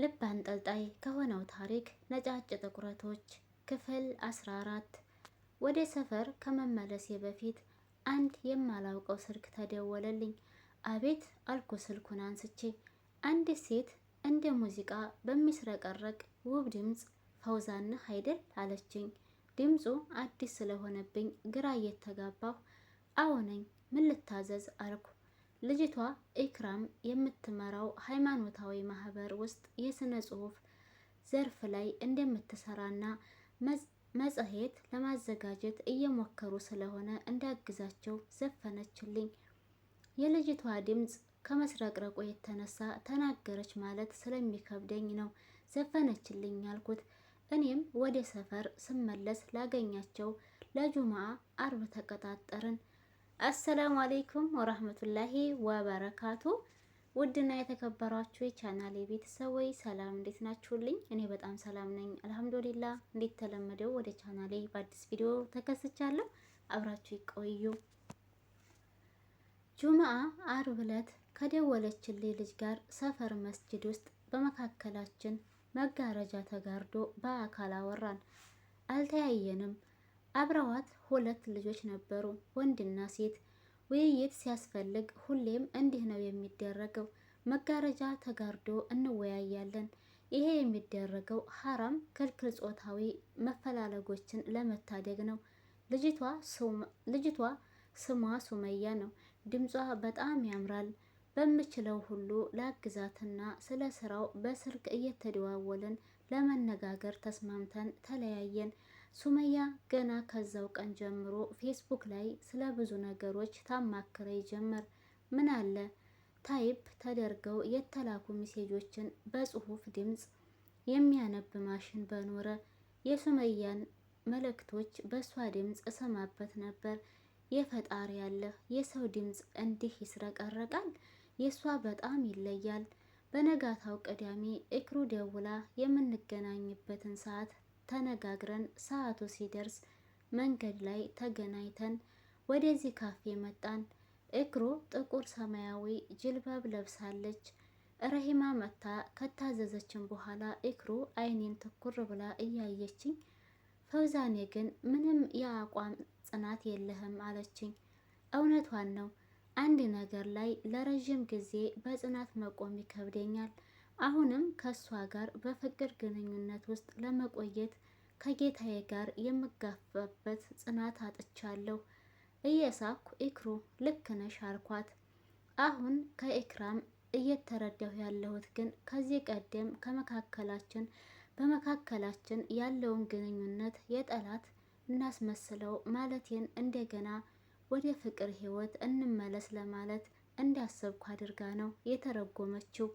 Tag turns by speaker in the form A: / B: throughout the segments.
A: ልብ አንጠልጣይ ከሆነው ታሪክ ነጫጭ ጥቁረቶች ክፍል 14 ወደ ሰፈር ከመመለሴ በፊት አንድ የማላውቀው ስልክ ተደወለልኝ። አቤት አልኩ ስልኩን አንስቼ። አንዲት ሴት እንደ ሙዚቃ በሚስረቀረቅ ውብ ድምፅ ፈውዛነህ አይደል አለችኝ። ድምፁ አዲስ ስለሆነብኝ ግራ እየተጋባሁ አዎ ነኝ፣ ምን ልታዘዝ አልኩ። ልጅቷ ኢክራም የምትመራው ሃይማኖታዊ ማህበር ውስጥ የስነ ጽሁፍ ዘርፍ ላይ እንደምትሰራና መጽሔት ለማዘጋጀት እየሞከሩ ስለሆነ እንዳግዛቸው ዘፈነችልኝ። የልጅቷ ድምፅ ከመስረቅረቁ የተነሳ ተናገረች ማለት ስለሚከብደኝ ነው ዘፈነችልኝ ያልኩት። እኔም ወደ ሰፈር ስመለስ ላገኛቸው ለጁምዓ አርብ ተቀጣጠርን። አሰላሙ አሌይኩም ወራህመቱላሂ ወበረካቱ። ውድና የተከበሯችሁ የቻናሌ ቤተሰቦች ሰላም፣ እንዴት ናችሁልኝ? እኔ በጣም ሰላም ነኝ አልሐምዱሊላ። እንዴት ተለመደው ወደ ቻናሌ በአዲስ ቪዲዮ ተከስቻለሁ። አብራችሁ ይቆዩ። ጁምአ አርብ ዕለት ከደወለችልኝ ልጅ ጋር ሰፈር መስጅድ ውስጥ በመካከላችን መጋረጃ ተጋርዶ በአካል አወራን። አልተያየንም። አብረዋት ሁለት ልጆች ነበሩ፣ ወንድና ሴት። ውይይት ሲያስፈልግ ሁሌም እንዲህ ነው የሚደረገው። መጋረጃ ተጋርዶ እንወያያለን። ይሄ የሚደረገው ሀራም ክልክል ጾታዊ መፈላለጎችን ለመታደግ ነው። ልጅቷ ስሟ ሱመያ ነው። ድምጿ በጣም ያምራል። በምችለው ሁሉ ላግዛትና ስለ ስራው በስልክ እየተደዋወልን ለመነጋገር ተስማምተን ተለያየን። ሱመያ ገና ከዛው ቀን ጀምሮ ፌስቡክ ላይ ስለ ብዙ ነገሮች ታማክረ ይጀምር ምን አለ ታይፕ ተደርገው የተላኩ ሚሴጆችን በጽሁፍ ድምፅ የሚያነብ ማሽን በኖረ የሱመያን መልእክቶች በእሷ ድምፅ እሰማበት ነበር። የፈጣሪ ያለ የሰው ድምፅ እንዲህ ይስረቀረቃል። የእሷ በጣም ይለያል። በነጋታው ቅዳሜ እክሩ ደውላ የምንገናኝበትን ሰዓት ተነጋግረን ሰዓቱ ሲደርስ መንገድ ላይ ተገናኝተን ወደዚህ ካፌ መጣን። እግሮ ጥቁር ሰማያዊ ጅልባብ ለብሳለች። ረሂማ መታ ከታዘዘችን በኋላ እግሮ አይኔን ትኩር ብላ እያየችኝ፣ ፈውዛኔ ግን ምንም የአቋም ጽናት የለህም አለችኝ። እውነቷን ነው። አንድ ነገር ላይ ለረዥም ጊዜ በጽናት መቆም ይከብደኛል። አሁንም ከእሷ ጋር በፍቅር ግንኙነት ውስጥ ለመቆየት ከጌታዬ ጋር የምጋፋበት ጽናት አጥቻለሁ። እየሳኩ ኢክሩ ልክ ነሽ አልኳት። አሁን ከኢክራም እየተረዳሁ ያለሁት ግን ከዚህ ቀደም ከመካከላችን በመካከላችን ያለውን ግንኙነት የጠላት እናስመስለው ማለቴን እንደገና ወደ ፍቅር ህይወት እንመለስ ለማለት እንዳሰብኩ አድርጋ ነው የተረጎመችው።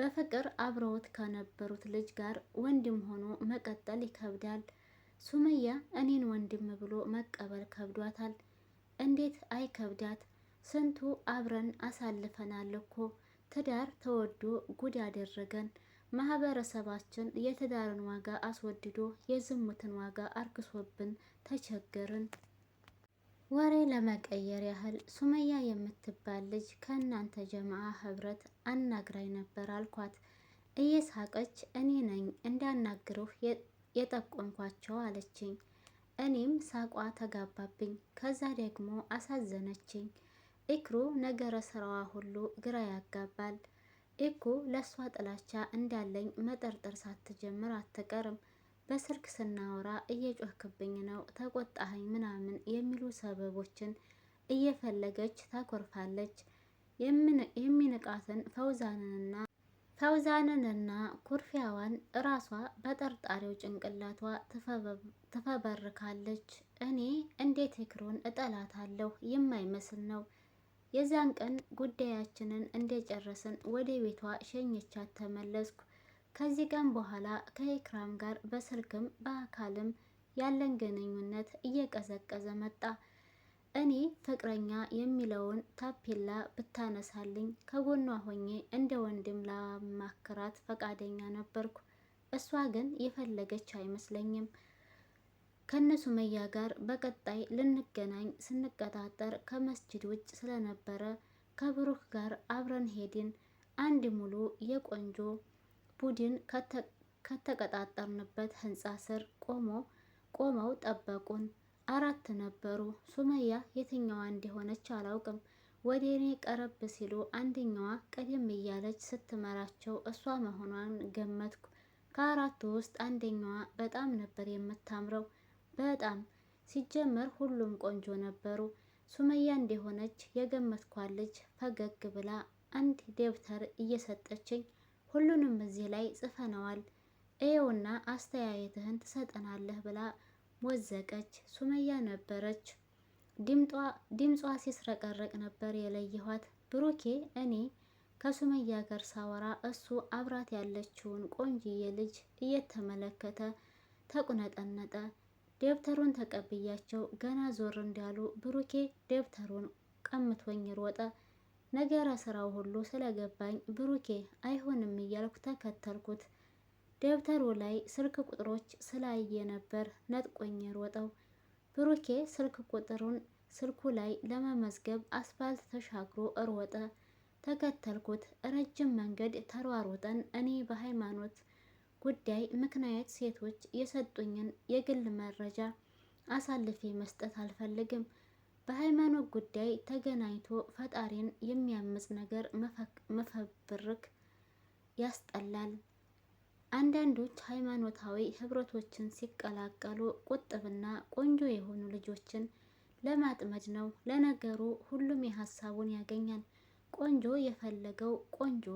A: በፍቅር አብረውት ከነበሩት ልጅ ጋር ወንድም ሆኖ መቀጠል ይከብዳል። ሱመያ እኔን ወንድም ብሎ መቀበል ከብዷታል። እንዴት አይከብዳት? ስንቱ አብረን አሳልፈናል እኮ። ትዳር ተወዶ ጉድ አደረገን ማህበረሰባችን የትዳርን ዋጋ አስወድዶ የዝሙትን ዋጋ አርክሶብን ተቸገርን። ወሬ ለመቀየር ያህል ሱመያ የምትባል ልጅ ከእናንተ ጀማዓ ህብረት አናግራኝ ነበር አልኳት። እየሳቀች እኔ ነኝ እንዳናግሩህ የጠቆምኳቸው አለችኝ። እኔም ሳቋ ተጋባብኝ። ከዛ ደግሞ አሳዘነችኝ። ኢክሩ ነገረ ስራዋ ሁሉ ግራ ያጋባል። ኢኩ ለእሷ ጥላቻ እንዳለኝ መጠርጠር ሳትጀምር አትቀርም። በስልክ ስናወራ እየጮህክብኝ ነው ተቆጣኸኝ ምናምን የሚሉ ሰበቦችን እየፈለገች ታኮርፋለች። የሚንቃትን ፈውዛንንና ፈውዛንንና ኩርፊያዋን እራሷ በጠርጣሪው ጭንቅላቷ ትፈበርካለች። እኔ እንዴት ክሮን እጠላታለሁ የማይመስል ነው። የዛን ቀን ጉዳያችንን እንደጨረስን ወደ ቤቷ ሸኝቻት ተመለስኩ። ከዚህ ቀን በኋላ ከኤክራም ጋር በስልክም በአካልም ያለን ግንኙነት እየቀዘቀዘ መጣ። እኔ ፍቅረኛ የሚለውን ታፔላ ብታነሳልኝ ከጎኗ ሆኜ እንደ ወንድም ላማክራት ፈቃደኛ ነበርኩ። እሷ ግን የፈለገች አይመስለኝም። መያ ጋር በቀጣይ ልንገናኝ ስንቀጣጠር ከመስጅድ ውጭ ስለነበረ ከብሩክ ጋር አብረን ሄድን። አንድ ሙሉ የቆንጆ ቡድን ከተቀጣጠርንበት ህንፃ ስር ቆሞ ቆመው ጠበቁን። አራት ነበሩ። ሱመያ የትኛዋ እንደሆነች አላውቅም። ወደ እኔ ቀረብ ሲሉ አንደኛዋ ቀደም እያለች ስትመራቸው እሷ መሆኗን ገመትኩ። ከአራቱ ውስጥ አንደኛዋ በጣም ነበር የምታምረው። በጣም ሲጀመር ሁሉም ቆንጆ ነበሩ። ሱመያ እንደሆነች የገመትኳ ልጅ ፈገግ ብላ አንድ ደብተር እየሰጠችኝ ሁሉንም እዚህ ላይ ጽፈነዋል፣ እየውና አስተያየትህን ትሰጠናለህ ብላ ሞዘቀች። ሱመያ ነበረች። ድምጿ ሲስረቀረቅ ነበር የለየኋት። ብሩኬ እኔ ከሱመያ ጋር ሳወራ እሱ አብራት ያለችውን ቆንጅዬ ልጅ እየተመለከተ ተቁነጠነጠ። ደብተሩን ተቀብያቸው ገና ዞር እንዳሉ ብሩኬ ደብተሩን ቀምቶኝ ሮጠ። ነገረ ስራው ሁሉ ስለገባኝ ብሩኬ አይሆንም እያልኩ ተከተልኩት። ደብተሩ ላይ ስልክ ቁጥሮች ስላየ ነበር ነጥቆኝ የሮጠው። ብሩኬ ስልክ ቁጥሩን ስልኩ ላይ ለመመዝገብ አስፋልት ተሻግሮ እሮጠ። ተከተልኩት። ረጅም መንገድ ተሯሩጠን እኔ በሃይማኖት ጉዳይ ምክንያት ሴቶች የሰጡኝን የግል መረጃ አሳልፌ መስጠት አልፈልግም። በሃይማኖት ጉዳይ ተገናኝቶ ፈጣሪን የሚያምጽ ነገር መፈብርክ ያስጠላል። አንዳንዶች ሃይማኖታዊ ህብረቶችን ሲቀላቀሉ ቁጥብና ቆንጆ የሆኑ ልጆችን ለማጥመድ ነው። ለነገሩ ሁሉም የሀሳቡን ያገኛል። ቆንጆ የፈለገው ቆንጆ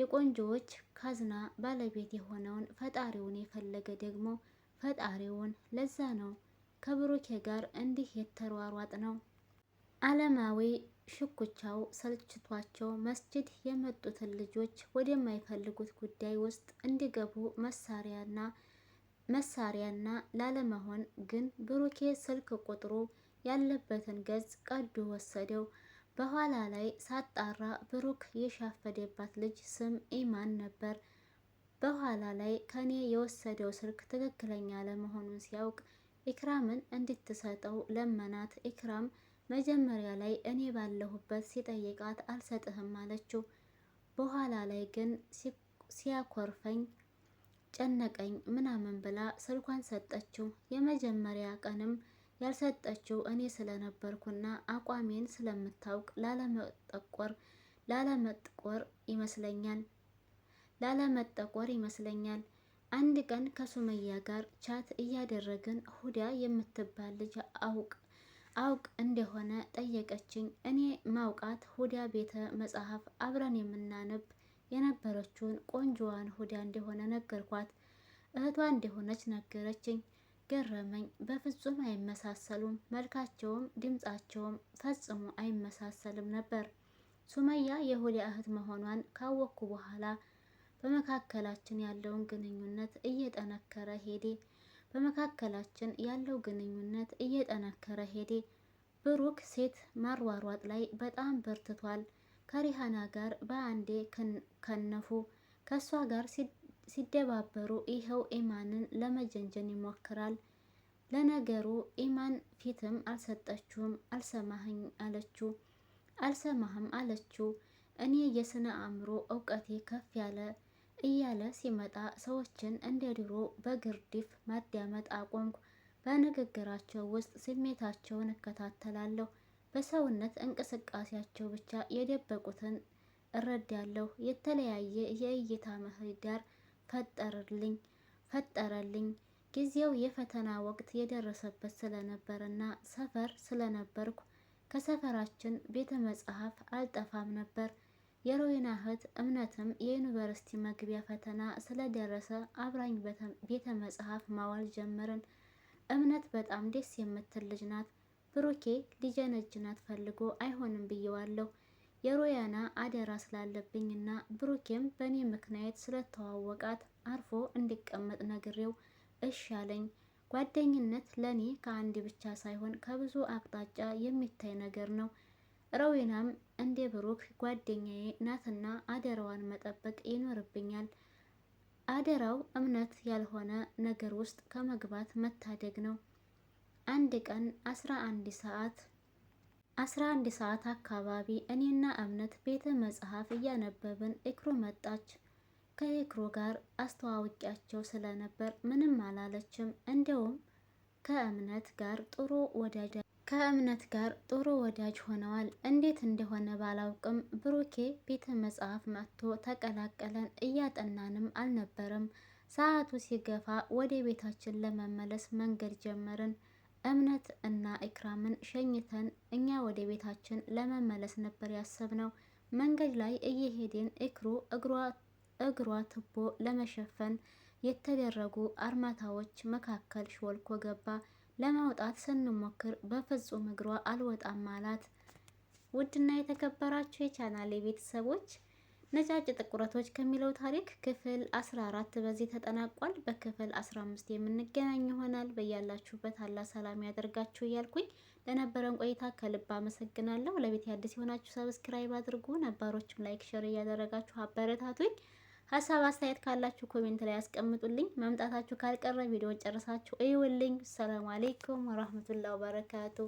A: የቆንጆዎች ካዝና ባለቤት የሆነውን ፈጣሪውን የፈለገ ደግሞ ፈጣሪውን ለዛ ነው ከብሩኬ ጋር እንዲህ የተሯሯጥ ነው። አለማዊ ሽኩቻው ሰልችቷቸው መስጂድ የመጡትን ልጆች ወደማይፈልጉት ጉዳይ ውስጥ እንዲገቡ መሳሪያና መሳሪያና ላለመሆን ግን ብሩኬ ስልክ ቁጥሩ ያለበትን ገጽ ቀዱ ወሰደው። በኋላ ላይ ሳጣራ ብሩክ የሻፈደባት ልጅ ስም ኢማን ነበር። በኋላ ላይ ከኔ የወሰደው ስልክ ትክክለኛ አለመሆኑን ሲያውቅ ኢክራምን እንድትሰጠው ለመናት። ኢክራም መጀመሪያ ላይ እኔ ባለሁበት ሲጠይቃት አልሰጥህም አለችው። በኋላ ላይ ግን ሲያኮርፈኝ ጨነቀኝ ምናምን ብላ ስልኳን ሰጠችው። የመጀመሪያ ቀንም ያልሰጠችው እኔ ስለነበርኩና አቋሜን ስለምታውቅ ላለመጠቆር ላለመጥቆር ይመስለኛል ላለመጠቆር ይመስለኛል አንድ ቀን ከሱመያ ጋር ቻት እያደረግን ሁዳ የምትባል ልጅ አውቅ አውቅ እንደሆነ ጠየቀችኝ። እኔ ማውቃት ሁዳ ቤተ መጽሐፍ አብረን የምናነብ የነበረችውን ቆንጆዋን ሁዳ እንደሆነ ነገርኳት። እህቷ እንደሆነች ነገረችኝ። ገረመኝ። በፍጹም አይመሳሰሉም። መልካቸውም ድምፃቸውም ፈጽሞ አይመሳሰልም ነበር። ሱመያ የሁዳ እህት መሆኗን ካወቅኩ በኋላ በመካከላችን ያለውን ግንኙነት እየጠነከረ ሄዴ በመካከላችን ያለው ግንኙነት እየጠነከረ ሄዴ። ብሩክ ሴት ማሯሯጥ ላይ በጣም በርትቷል። ከሪሃና ጋር በአንዴ ከነፉ። ከእሷ ጋር ሲደባበሩ ይኸው ኢማንን ለመጀንጀን ይሞክራል። ለነገሩ ኢማን ፊትም አልሰጠችውም። አልሰማህኝ አለችው አልሰማህም አለችው። እኔ የስነ አእምሮ እውቀቴ ከፍ ያለ እያለ ሲመጣ ሰዎችን እንደ ድሮ በግርድፍ ማዳመጥ አቆምኩ። በንግግራቸው ውስጥ ስሜታቸውን እከታተላለሁ። በሰውነት እንቅስቃሴያቸው ብቻ የደበቁትን እረዳለሁ። የተለያየ የእይታ ምህዳር ፈጠርልኝ ፈጠረልኝ። ጊዜው የፈተና ወቅት የደረሰበት ስለነበርና ሰፈር ስለነበርኩ ከሰፈራችን ቤተ መጽሐፍ አልጠፋም ነበር። የሮዌና እህት እምነትም የዩኒቨርሲቲ መግቢያ ፈተና ስለደረሰ አብራኝ ቤተ መጽሐፍ ማዋል ጀመርን። እምነት በጣም ደስ የምትል ልጅ ናት። ብሩኬ ልጄን እጅ ናት ፈልጎ አይሆንም ብየዋለሁ። የሮያና አደራ ስላለብኝና ብሩኬም በእኔ ምክንያት ስለተዋወቃት አርፎ እንዲቀመጥ ነግሬው እሺ አለኝ። ጓደኝነት ለእኔ ከአንድ ብቻ ሳይሆን ከብዙ አቅጣጫ የሚታይ ነገር ነው። ሮዊናም ። እንደ ብሩክ ጓደኛዬ ናትና አደራዋን መጠበቅ ይኖርብኛል። አደራው እምነት ያልሆነ ነገር ውስጥ ከመግባት መታደግ ነው። አንድ ቀን አስራ አንድ ሰዓት አስራ አንድ ሰዓት አካባቢ እኔና እምነት ቤተ መጽሐፍ እያነበብን እክሩ መጣች። ከእክሮ ጋር አስተዋውቂያቸው ስለነበር ምንም አላለችም። እንደውም ከእምነት ጋር ጥሩ ወዳጃ ከእምነት ጋር ጥሩ ወዳጅ ሆነዋል። እንዴት እንደሆነ ባላውቅም ብሩኬ ቤተ መጽሐፍ መጥቶ ተቀላቀለን። እያጠናንም አልነበረም። ሰዓቱ ሲገፋ ወደ ቤታችን ለመመለስ መንገድ ጀመርን። እምነት እና ኢክራምን ሸኝተን እኛ ወደ ቤታችን ለመመለስ ነበር ያሰብነው። መንገድ ላይ እየሄድን እክሩ እግሯ ትቦ ለመሸፈን የተደረጉ አርማታዎች መካከል ሾልኮ ገባ። ለማውጣት ስንሞክር በፍጹም እግሯ አልወጣም አላት። ውድና የተከበራችሁ የቻናል ቤተሰቦች ነጫጭ ጥቁረቶች ከሚለው ታሪክ ክፍል 14 በዚህ ተጠናቋል። በክፍል 15 የምንገናኝ ይሆናል። በያላችሁበት አላ ሰላም ያደርጋችሁ እያልኩኝ ለነበረን ቆይታ ከልብ አመሰግናለሁ። ለቤት አዲስ የሆናችሁ ሰብስክራይብ አድርጉ፣ ነባሮችም ላይክ፣ ሸር እያደረጋችሁ አበረታቱኝ። ሀሳብ አስተያየት ካላችሁ ኮሜንት ላይ ያስቀምጡልኝ። መምጣታችሁ ካልቀረ ቪዲዮን ጨርሳችሁ እዩልኝ። ሰላም አሌይኩም ወራህመቱላሂ ወበረካቱ